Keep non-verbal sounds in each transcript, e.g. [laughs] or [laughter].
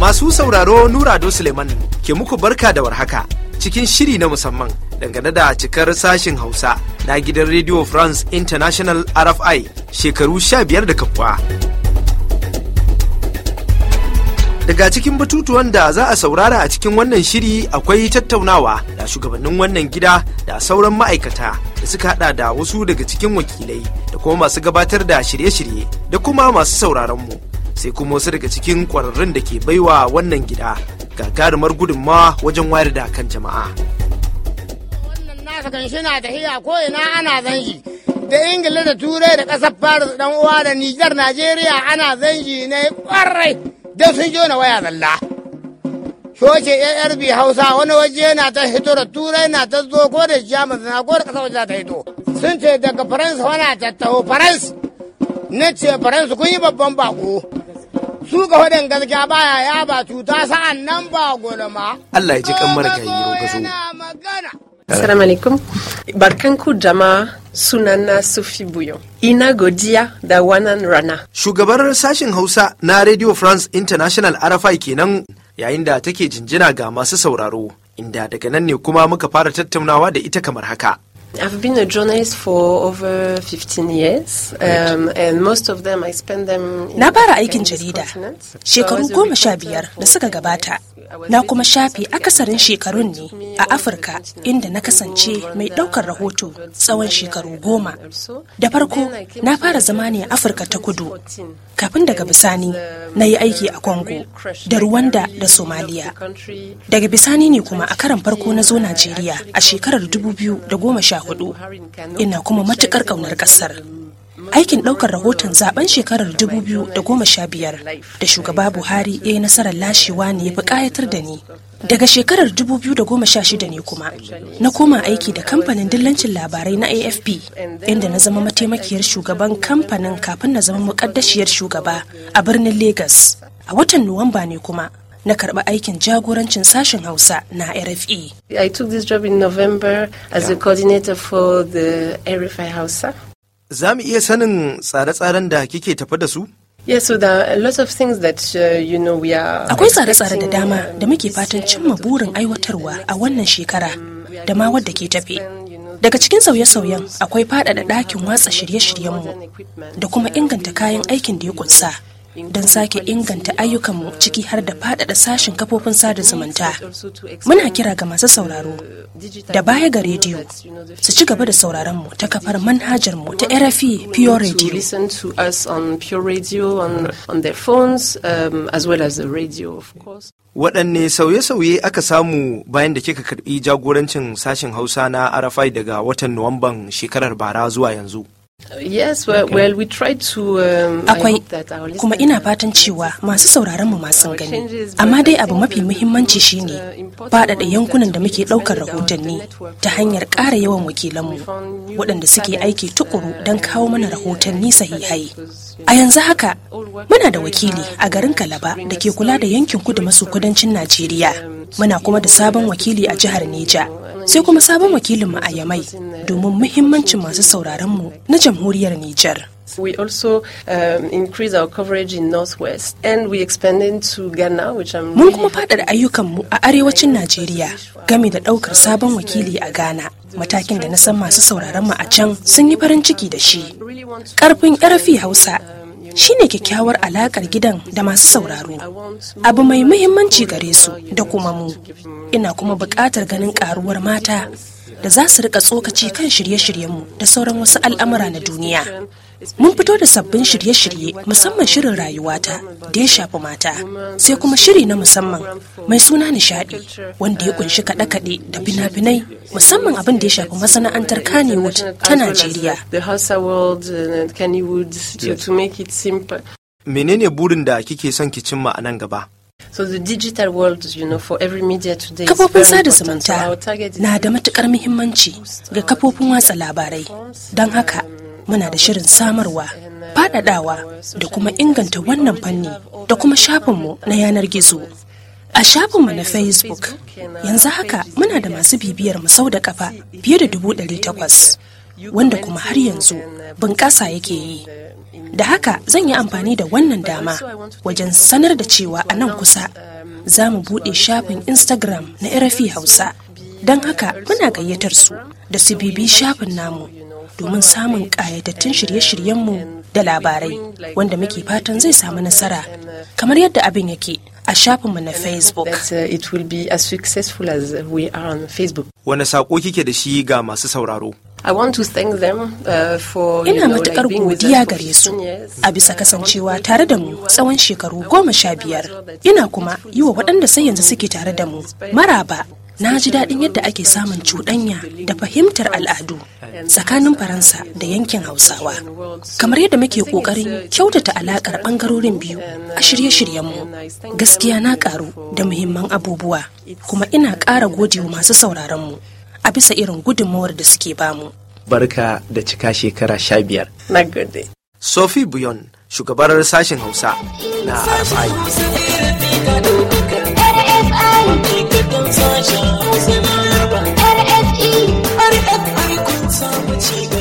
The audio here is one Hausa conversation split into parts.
Masu sauraro Nura do Suleiman ke muku barka da warhaka cikin shiri na musamman dangane da cikar sashen Hausa na gidan Radio France International RFI shekaru sha biyar da kafuwa. Daga cikin batutuwan da za a saurara a cikin wannan shiri akwai tattaunawa da shugabannin wannan gida da sauran ma'aikata da suka hada da wasu daga cikin wakilai da kuma masu gabatar da shirye-shirye da kuma masu sauraronmu. mu. sai kuma wasu daga cikin kwararrun da ke baiwa wannan gida gagarumar gudunmawa wajen wayar da kan jama'a. Wannan nasa kan shina da hiya ko ina ana zanji. Da Ingila da Turai da ƙasar Paris dan uwa da Nijar Najeriya ana zanji ne ƙwarai don sun jona waya zalla. Shoce ARB Hausa wani waje na ta hito da Turai na ta zo ko da Jamus na ko da ƙasar waje ta hito. Sun ce daga Faransa wana ta taho Faransa. Na ce Faransa kun yi babban bako. su ga hudun gaskiya baya ya ba cuta sa'an nan ba gulma Allah ya ji kan marka yi roƙa su. Assalamu alaikum. Barkanku jama'a na Sufi Buyo. Ina godiya da wannan rana. Shugabar sashen Hausa na Radio France International RFI kenan yayin da take jinjina ga masu sauraro. Inda daga nan ne kuma muka fara tattaunawa da ita kamar haka. I've been a journalist for over 15 years, um, and most of them I spend them. Na fara aikin jarida shekaru goma sha biyar da suka gabata. Na kuma shafi akasarin shekarun ne a Afirka inda na kasance mai ɗaukar rahoto tsawon shekaru goma. Da farko na fara zama ne a Afirka ta kudu, kafin daga bisani um, na yi aiki a Congo da Rwanda da Somalia. Daga bisani ne kuma a karan farko na zo Najeriya a shekarar 2010. hudu ina kuma matukar ƙaunar ƙasar aikin ɗaukar rahoton zaben shekarar 2015 da shugaba buhari ya yi nasarar lashewa ne ya fi ƙayatar da ni daga shekarar 2016 ne kuma na koma aiki da kamfanin dillancin labarai na afp inda na zama mataimakiyar shugaban kamfanin kafin na zama muƙaddashiyar shugaba a birnin Legas. a watan nuwamba ne kuma na karɓi aikin jagorancin sashen Hausa na rfa. E. I took this job in November as a coordinator for the RFI Hausa. Za mu iya sanin tsare-tsaren da kike tafi da su? Yes, so there are a lot of things that uh, you know we are Akwai tsare-tsare da dama da muke fatan cimma burin aiwatarwa a wannan shekara mm, da ma wadda ke tafe. Daga cikin sauye-sauyen akwai faɗaɗa ɗakin watsa shirye-shiryenmu da kuma inganta kayan aikin da ya kunsa. don sake inganta ayyukanmu ciki har da faɗaɗa sashen kafofin sada zumunta. Muna kira ga masu sauraro da baya ga rediyo su ci gaba da sauraronmu ta kafar manhajar mu ta RFI Pure Radio. Waɗanne sauye-sauye aka samu bayan da kika karɓi jagorancin sashen Hausa na RFI daga watan Nuwamban shekarar bara zuwa yanzu? Um, Akwai kuma ina fatan cewa masu sauraron mu masu gani. Amma dai abu mafi muhimmanci shine faɗaɗa yankunan da muke ɗaukar rahotanni ta hanyar ƙara yawan wakilanmu waɗanda suke aiki tuƙuru uh, don kawo mana uh, rahotanni sahihai. A yanzu haka muna da wakili a garin Kalaba da ke kula da yankin kudu maso kudancin Najeriya. Um, muna kuma da sabon wakili a jihar Neja sai kuma sabon wakilinmu a Yamai domin muhimmancin masu sauraronmu na jamhuriyar Nijar. We also um, increase our coverage in Northwest and we expand into Ghana, which I'm Mun kuma faɗaɗa ayyukanmu a arewacin Najeriya game da ɗaukar sabon wakili a Ghana. Matakin da na san masu sauraron mu a can sun yi farin ciki da shi. Ƙarfin ƙarfi Hausa shine kyakkyawar alakar gidan da masu sauraro abu mai muhimmanci gare su da kuma mu ina kuma buƙatar ganin ƙaruwar mata da za su rika tsokaci kan shirye-shiryenmu da sauran wasu al'amura na duniya Mun fito da sabbin shirye-shirye musamman shirin rayuwata da ya shafi mata, sai kuma shiri na musamman mai suna nishadi wanda ya kunshi kaɗe-kaɗe da fina-finai musamman abin da ya shafi masana'antar Kannywood ta Najeriya. Menene burin da kike son ki cimma a nan gaba? So the digital world, you know, for every media today. Kafofin sada zumunta na da matukar muhimmanci ga kafofin watsa labarai. Don haka, muna da shirin samarwa faɗaɗawa da kuma inganta wannan fanni da kuma shafinmu na yanar gizo a shafinmu na facebook yanzu haka muna da masu bibiyar mu sau da kafa fiye da dubu ɗari takwas wanda kuma har yanzu bunƙasa yake yi da haka zan yi amfani da wannan dama wajen sanar da cewa a nan kusa za mu buɗe shafin instagram na rfi hausa don haka muna gayyatar su da su bibi shafin namu domin samun ƙayatattun shirye-shiryenmu da labarai wanda muke fatan zai samu nasara kamar yadda abin yake a shafinmu na facebook uh, wani saƙo kike da shi ga masu sauraro uh, Ina matuƙar godiya gare su a bisa kasancewa tare da mu tsawon shekaru goma sha biyar. Ina kuma yi wa waɗanda sai yanzu suke tare da mu maraba na ji daɗin yadda ake samun cuɗanya da fahimtar al'adu tsakanin faransa da yankin hausawa kamar yadda muke ƙoƙarin kyautata alaƙar ɓangarorin biyu a shirye-shiryenmu gaskiya na ƙaru da muhimman abubuwa kuma ina ƙara godewa masu sauraronmu a bisa irin gudunmawar da suke bamu barka da cika shekara sha biyar na sophie buyon shugabar sashen hausa na rfi E, e.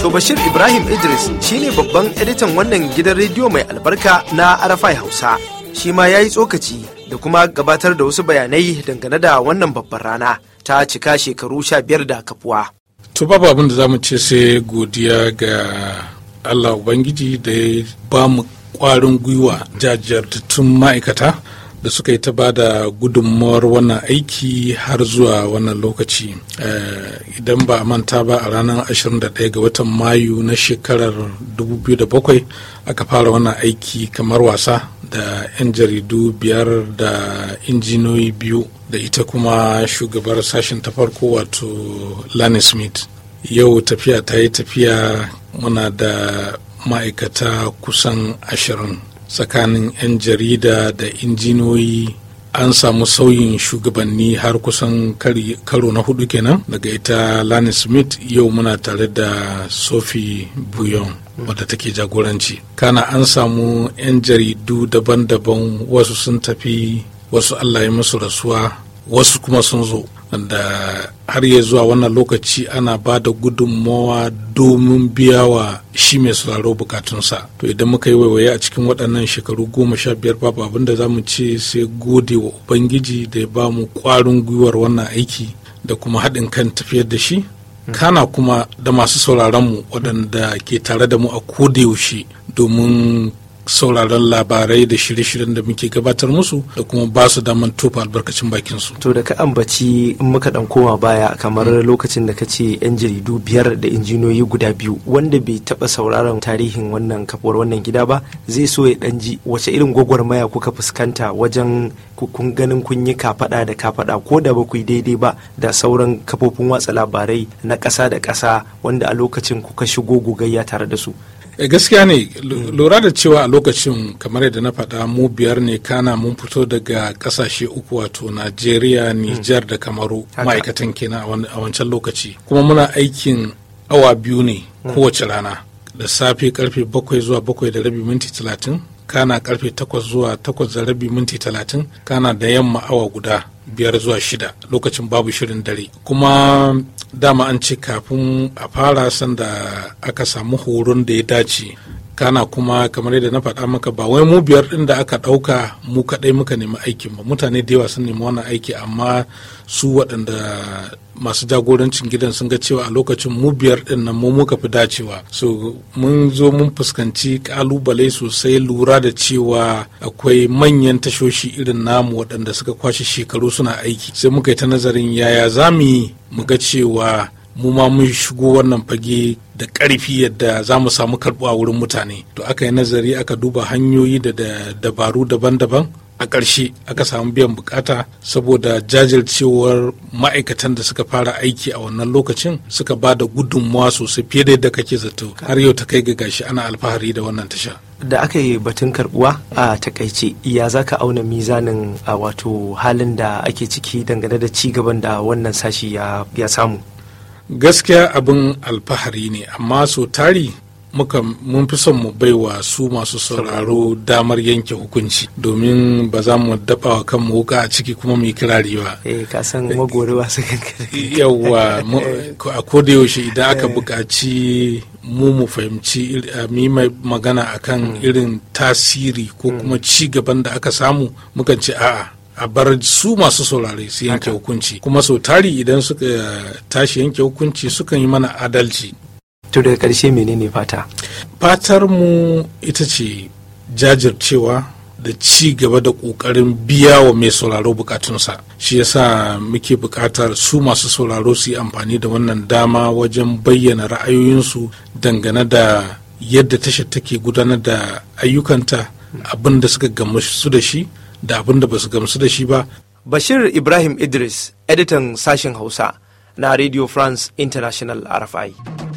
To Bashir Ibrahim Idris shine babban editan wannan gidan rediyo mai albarka na arafai Hausa. Shi ma ya yi tsokaci da kuma gabatar da wasu bayanai dangane da wannan babban rana ta cika shekaru sha biyar da kafuwa. To babu abin da za mu ce sai godiya ga Allah Ubangiji da ya ba mu kwarin gwiwa tun ma'aikata da suka yi ta ba da gudunmawar wannan aiki har zuwa wannan lokaci eh, idan ba manta ba a ranar 21 ga watan mayu na shekarar 2007 aka fara wannan aiki kamar wasa da 'yan jaridu biyar da injiniyoyi biyu da ita kuma shugabar sashen ta farko wato lani smith yau tafiya ta yi tafiya muna da ma'aikata kusan ashirin tsakanin 'yan jarida da injiniyoyi an samu sauyin shugabanni har kusan karo na hudu kenan daga ita lani smith yau muna tare da sophie buyon wadda take jagoranci kana an samu 'yan jaridu daban-daban wasu sun tafi wasu allah ya musu rasuwa wasu kuma sun zo da har ya zuwa wannan lokaci ana ba da gudunmawa domin biya wa shi mai sauraro bukatunsa to idan muka yi waiwaye a cikin waɗannan shekaru goma sha biyar babu abin da za mu ce sai gode wa ubangiji da ya ba mu ƙwarin gwiwar wannan aiki da kuma haɗin kan tafiyar da shi kana kuma da masu sauraronmu waɗanda ke tare da mu a yaushe domin sauraron labarai da shirye-shiryen da muke gabatar musu da kuma ba su daman tofa albarkacin bakin su to da ka ambaci in muka dan koma baya kamar mm. lokacin da ka ce yan jaridu biyar da injiniyoyi guda biyu wanda bai taba sauraron tarihin wannan kafuwar wannan gida ba zai so ya dan ji wace irin gwagwarmaya kuka fuskanta wajen kun ganin kun yi kafaɗa da kafaɗa ko da ba ku yi daidai ba da sauran kafofin watsa labarai na ƙasa da ƙasa wanda a lokacin kuka shigo gogayya tare da su Eh, gaskiya ne lura da cewa a lokacin kamar yadda na faɗa mu biyar ne kana mun fito daga ƙasashe uku wato najeriya nijar da kamaru ma'aikatan kenan a wancan lokaci kuma muna aikin awa biyu ne hmm. kowace rana da safe karfe bakwai zuwa bakwai da rabi minti talatin kana karfe takwas zuwa takwas da rabi minti talatin kana da yamma awa guda biyar zuwa shida lokacin babu shirin dare kuma dama an ce kafin a fara sanda aka samu horon da ya dace kana kuma kamar yadda na faɗa maka ba wai mu biyar ɗin da aka ɗauka mu kaɗai muka nemi aikin ba mutane da yawa sun nemi wannan aiki amma su waɗanda masu jagorancin gidan sun ga cewa a lokacin mu biyar ɗin nan mu muka fi dacewa so mun zo mun fuskanci ƙalubale sosai lura da cewa akwai manyan tashoshi irin namu waɗanda suka kwashe shekaru suna aiki sai muka yi ta nazarin yaya za yi mu ga cewa mu ma mun shigo wannan fage da ƙarfi yadda za mu samu a wurin mutane to aka yi nazari aka duba hanyoyi da dabaru daban-daban a ƙarshe aka samu biyan bukata saboda jajircewar ma'aikatan da suka fara aiki a wannan lokacin suka ba da gudunmawa sosai fiye da yadda kake zato har yau ta kai ga gashi ana alfahari da wannan tasha da aka yi batun karbuwa a takaice ya za ka auna mizanin a wato halin da ake ciki dangane da ci gaban da wannan sashi ya samu gaskiya abin alfahari ne amma so tari muka mun fi son mu baiwa su masu sauraro damar yanke hukunci domin ba za mu daɓa wa kanmu wuka a ciki kuma mu yi kirari ba. Eh ka san magori ba su yawa [laughs] eh. a koda yaushe idan aka eh. buƙaci mu mu fahimci mu mai magana akan mm. irin tasiri ko mm. kuma ci gaban da aka samu mukan ce a'a a bar su masu saurare su yanke hukunci kuma sau tari idan suka eh, tashi yanke hukunci sukan yi mana adalci to daga karshe menene fata fatar mu ita ce jajircewa da ci gaba da ƙoƙarin biya wa mai sauraro bukatunsa shi yasa muke buƙatar su masu sauraro su yi amfani da wannan dama wajen bayyana ra'ayoyinsu dangane da yadda tashar take gudanar da ayyukanta abin da suka gamu da shi da abin da ba su gamsu da shi ba. Bashir Ibrahim Idris, editan sashen Hausa na Radio France International RFI.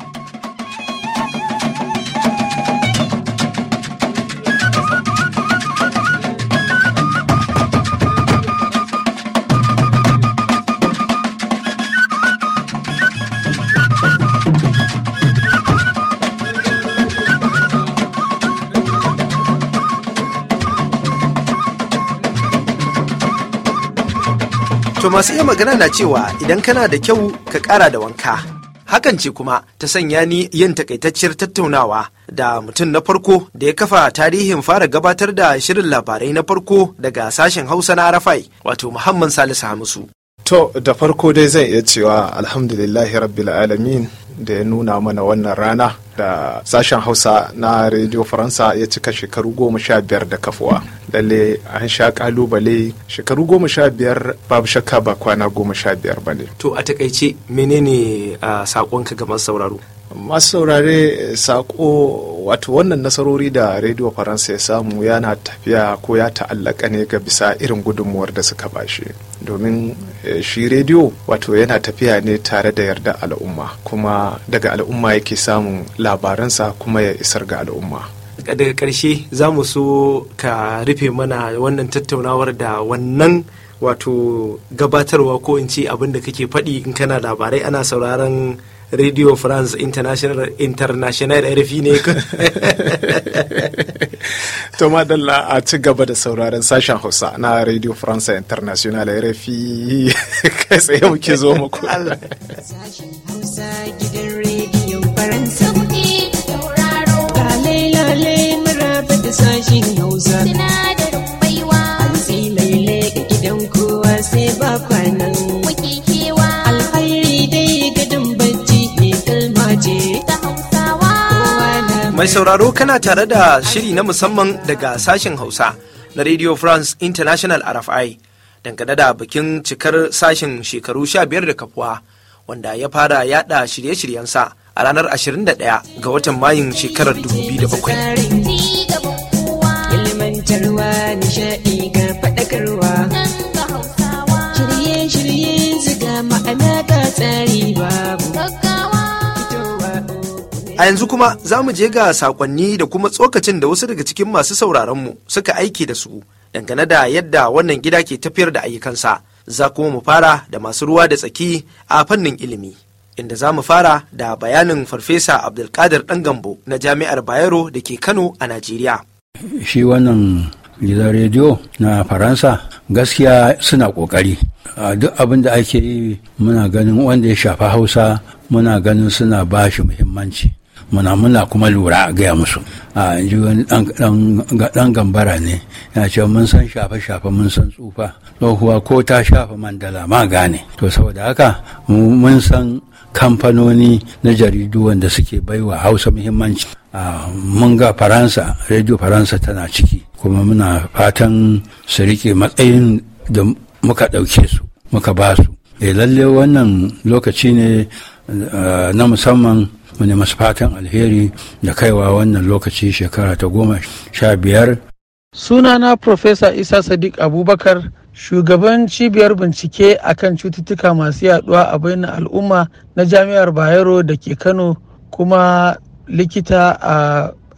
To masu iya magana na cewa idan kana da kyau ka kara da wanka. Hakan ce kuma ta sanya ni yin takaitacciyar tattaunawa da mutum na farko da ya kafa tarihin fara gabatar da shirin labarai na farko daga sashen Hausa na Arafai wato Muhammad Salisu Hamisu. To da farko dai zan iya cewa alhamdulillahi rabbil alamin da ya nuna mana wannan rana da sashen hausa na radio faransa ya cika shekaru goma sha biyar da kafuwa lalle an sha kalubale shekaru goma sha biyar babu shakka ba kwana goma sha biyar ba ne to a takaice menene a saƙonka ga masu sauraro masu saurare sako wato wannan nasarori da rediyo faransa ya samu yana tafiya ko ya ta'allaka ne ga bisa irin gudunmuwar da suka bashi domin eh, shi rediyo wato yana tafiya ne tare da yarda al'umma kuma daga al'umma yake samun labaransa kuma ya isar ga al'umma daga karshe za mu so ka rufe mana wannan tattaunawar da wannan wato gabatarwa ko in ce abin da kake faɗi in kana labarai ana sauraron radio france international international rfi ne [laughs] to madalla a ci gaba da sauraron sashen hausa na radio france international rfi [laughs] kai tsaye muke zo muku sashen hausa gidan Mai sauraro kana tare da shiri na musamman daga sashen Hausa na Radio France International RFI dangane da bikin cikar sashen shekaru 15 da kafuwa wanda ya fara yada shirye-shiryensa a ranar 21 ga watan Mayun shekarar 2007. Shirye-shirye ka tsari. A yanzu kuma za mu je ga sakonni da kuma tsokacin da wasu daga cikin masu sauraronmu suka aiki da su dangane da yadda wannan gida ke tafiyar da ayyukansa. Za kuma mu fara da masu ruwa da tsaki a fannin ilimi. Inda za mu fara da bayanin Farfesa Abdulkadir Gambo na Jami'ar Bayero da ke Kano a Najeriya. Shi wannan gidan rediyo na Faransa gaskiya suna ƙoƙari. Duk abin da ake yi muna ganin wanda ya shafa Hausa muna ganin suna ba shi muhimmanci. muna muna kuma lura a gaya musu a ji dan gambara ne ya ce mun san shafe shafe mun san tsufa tsohuwa ko ta shafa mandala ma gane to saboda haka mun san kamfanoni na jaridu wanda suke baiwa hausa muhimmanci mun ga faransa radio faransa tana ciki kuma muna fatan su rike matsayin da muka ɗauke su muka ba su eh, lalle wannan lokaci ne eh, na musamman wani masu fatan alheri da kaiwa wannan lokaci shekara ta goma sha biyar. Sunana Profesa Isa Sadiq Abubakar shugaban cibiyar bincike akan cututtuka masu yaduwa a bainar al'umma na jami'ar Bayero da ke Kano kuma likita a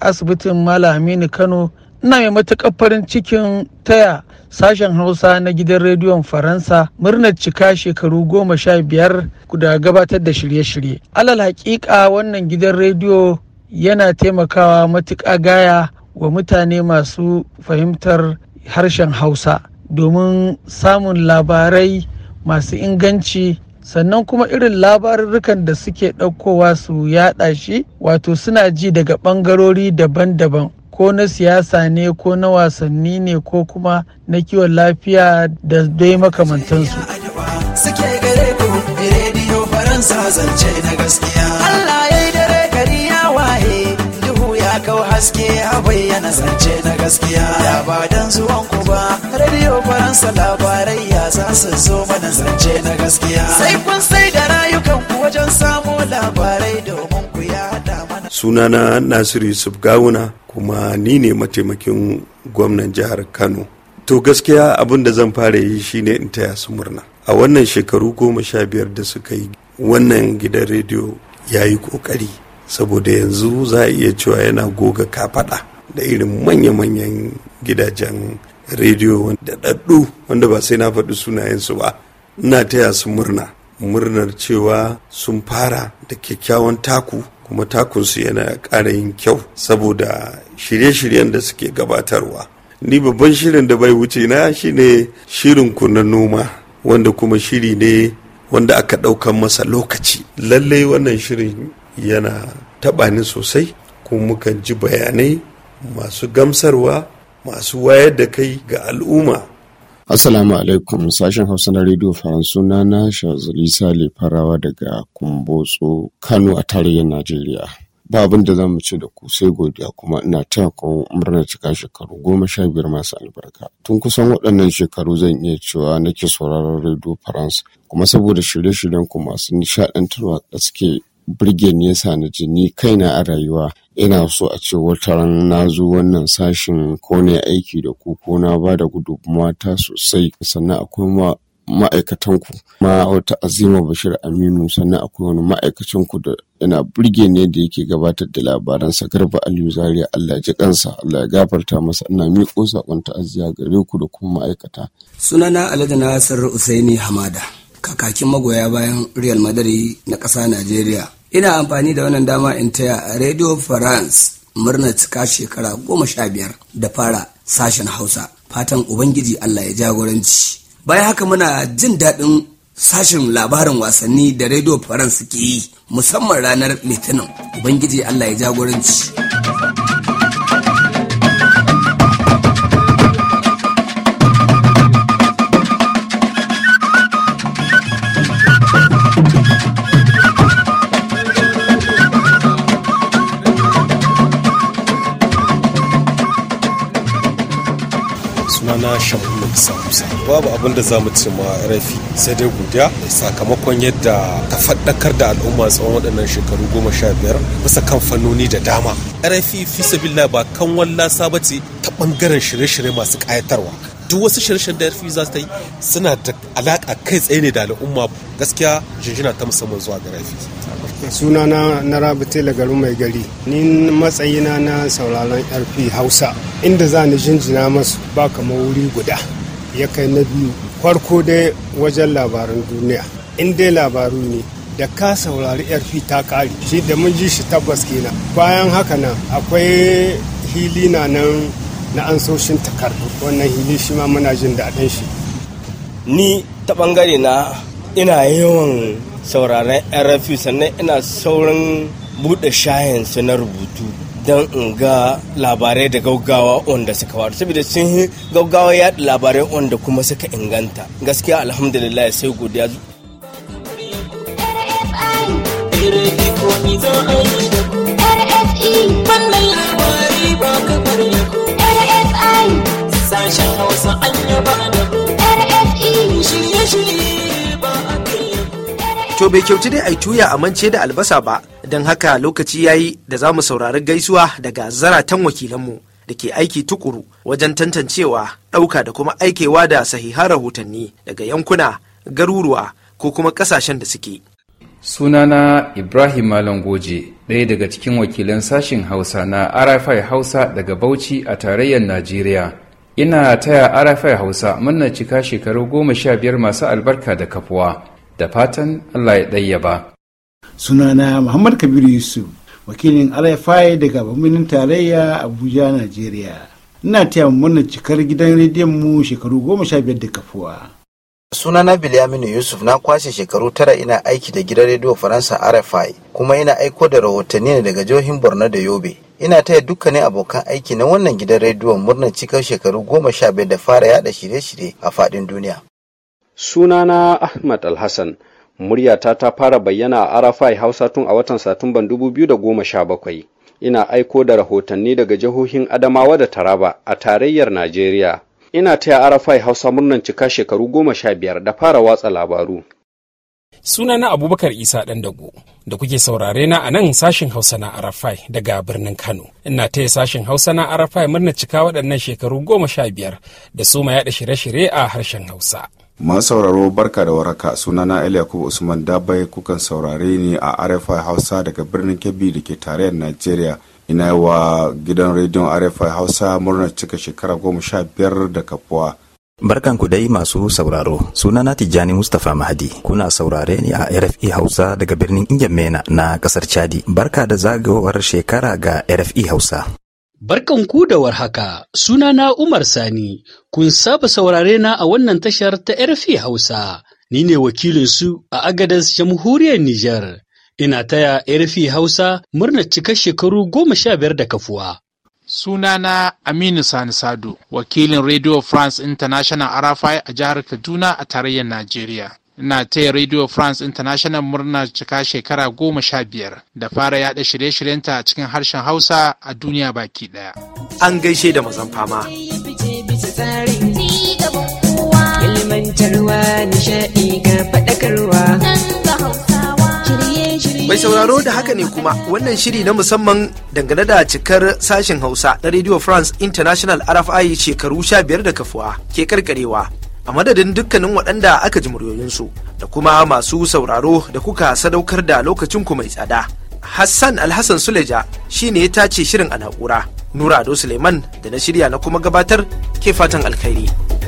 asibitin Malam Aminu Kano ina mai matuƙar farin cikin taya sashen hausa na gidan rediyon faransa murnar cika shekaru goma sha biyar da gabatar da shirye-shirye alal haƙiƙa wannan gidan rediyo yana taimakawa matuƙa gaya wa mutane masu fahimtar harshen hausa domin samun labarai masu inganci sannan kuma irin labarurrukan da suke ɗaukowa su yaɗa shi wato suna ji daga ɓangarori daban-daban ko na siyasa ne ko na wasanni ne ko kuma na kiwon lafiya da dai makamantansu. Suke gare eh, rediyo faransa zance na gaskiya. Allah ya dare gari ya waye, duhu ya kau haske ya bayyana zance na gaskiya. Ya ba dan zuwan ku ba, rediyo faransa labarai ya za su zo mana zance na gaskiya. Sai kun sai da rayukan ku wajen samo labarai domin sunana nasiru yusuf gawuna kuma ni ne mataimakin gwamnan jihar kano to gaskiya abin da zan fara yi shine in taya su murna a wannan shekaru goma sha biyar da suka yi wannan gidan rediyo ya yi kokari saboda yanzu za a iya cewa yana goga kafaɗa da irin manya-manyan gidajen rediyo da ɗaɗɗu wanda ba sai na faɗi sunayensu ba ina taya su murna murnar cewa sun fara da kyakkyawan taku kuma takunsu yana ƙara yin kyau saboda shirye-shiryen da suke gabatarwa ni babban shirin da bai wuce na shine shirin ku noma wanda kuma shiri ne wanda aka ɗaukan masa lokaci lallai wannan shirin yana taɓa ni sosai kuma mukan ji bayanai masu gamsarwa masu wayar da kai ga al'umma Assalamu alaikum sashen Hausa na Radio France suna na Shazali Sale Farawa daga Kumbotso Kano a tarihin Najeriya. Ba abin da za mu ce da ku sai godiya kuma ina taya ku murnar cika shekaru goma sha biyar masu albarka. Tun kusan waɗannan shekaru zan iya cewa nake sauraron Radio France kuma saboda shirye-shiryen ku masu nishaɗantarwa da suke burge nesa na ji ni kaina a rayuwa ina so a ce wata ran na zo wannan sashin ko ne aiki da ku ko na ba da gudunmawa sosai sannan akwai ma ku ma wata azima bashir aminu sannan akwai wani maaikacin ku da yana burge ne da yake gabatar da labaransa garba aliyu zaria allah ji kansa allah ya gafarta masa ina miƙo saƙon ta'aziyya gare ku da kuma ma'aikata. sunana alhaji nasir usaini hamada kakakin magoya bayan real madari na ƙasa najeriya ina amfani da wannan dama in taya radio france murna cika shekara goma sha biyar da fara sashen hausa fatan ubangiji allah ya jagoranci bayan haka muna jin daɗin sashen labarin wasanni da radio france ke yi musamman ranar litinin ubangiji allah ya jagoranci na shafi bisa babu abin da za mu ce ma rafi sai dai godiya sakamakon yadda ta faɗakar da al'umma tsawon waɗannan shekaru goma sha biyar bisa kan fannoni da dama rafi fi sabila ba kan wallasa ba ce ta ɓangaren shirye-shirye masu ƙayatarwa duk wasu shirye da rfi za ta yi suna da alaka kai tsaye ne da al'umma gaskiya jinjina ta musamman zuwa ga rafi suna na na rabu tela garin mai gari ni matsayina na sauraron rp hausa inda za ni jinjina masu ba kamar wuri guda ya kai na biyu farko dai wajen labaran duniya in dai labaru ne da ka saurari rp ta kare shi da mun ji shi tabbas kina. bayan haka nan akwai hili na nan na ansoshin takardu wannan hili shi ma muna jin daɗin shi ni ta ɓangare na ina yawan sauraren rfi sannan ina saurin buɗe shayansu na rubutu don in ga labarai da gaugawa wanda suka faru saboda sun yi gaugawa yaɗa labarai wanda kuma suka inganta gaskiya alhamdulillah sai godiya RFI, sashen hausa an da rfe To bai kyauci dai ai tuya mance da albasa ba, don haka lokaci ya yi da za mu saurari gaisuwa daga zaratan wakilanmu da ke aiki tukuru wajen tantancewa, ɗauka da kuma aikewa da sahihan rahotanni daga yankuna, garuruwa ko kuma ƙasashen da suke. Sunana Ibrahim Malam Goje, ɗaya daga cikin wakilan sashin Hausa na RFI Hausa daga Bauchi a tarayyar Najeriya. ina taya arafa hausa muna cika shekaru goma sha biyar masu albarka da kafuwa da fatan allah ya ba sunana muhammad kabiru yusuf wakilin rfi daga birnin tarayya abuja najeriya ina taya murna cikar gidan rediyon mu shekaru goma sha biyar da kafuwa sunana bilyaminu yusuf na kwashe shekaru tara ina aiki da gidan rediyo faransa rfi kuma ina aiko da rahotanni ne daga jihohin borno da yobe ina taya dukkanin abokan aiki na wannan gidan rediyon murnar cikar shekaru goma sha biyar da fara yada shirye-shirye a fadin duniya. Sunana Ahmad Alhassan, muryata ta fara bayyana a Arafai Hausa tun a watan Satumban dubu biyu da goma sha bakwai, Ina aiko da rahotanni daga jihohin Adamawa da Taraba a tarayyar Najeriya. Ina taya Arafai Hausa murnar cika shekaru goma sha biyar da fara watsa labaru. suna na Abubakar Isa ɗan dago da kuke saurare na a nan sashen Hausa na Arafai daga birnin Kano. Ina taya sashen Hausa na Arafai murna cika waɗannan shekaru goma sha biyar da su ma yaɗa shirye-shirye a harshen Hausa. Ma sauraro barka da waraka sunana El Yakub Usman Dabai kukan saurare ni a Arafai Hausa daga birnin Kebbi da ke tarayyar Najeriya. Ina yi wa gidan rediyon Arafai Hausa murnar cika shekara goma sha biyar da kafuwa. Barkan ku dai masu sauraro, sunana Tijjani Mustapha Mahadi, kuna saurare ni a RFI Hausa daga birnin Injamena na kasar Chadi. Barka da zagawar shekara ga RFI Hausa. Barkan ku da warhaka, sunana Umar Sani, kun saba saurare na a wannan tashar ta RFI Hausa, ni ne wakilinsu a Agadas Jamhuriyar Nijar. Ina taya RFI Hausa murnar cikar shekaru goma sha biyar da kafuwa. Sunana Aminu Sani Sado, wakilin Radio France International Arafai a jihar Kaduna a tarayyar Najeriya. Ina taya Radio France International murnar cika shekara goma sha biyar da fara yada shirye-shiryenta a cikin harshen Hausa a duniya baki daya. An gaishe da mazan fama. Ilmantarwa nishaɗi ga faɗa Mai sauraro da haka ne kuma wannan shiri na musamman dangane da cikar sashen Hausa na Radio France International RFI shekaru sha biyar da kafuwa ke karkarewa. A madadin dukkanin waɗanda aka ji muryoyinsu da kuma masu sauraro da kuka sadaukar da lokacin ku mai tsada. Hassan Alhassan Suleja shi ne ya tace shirin a na'ura. Nura Ado Suleiman da na shirya na kuma gabatar ke fatan alkhairi.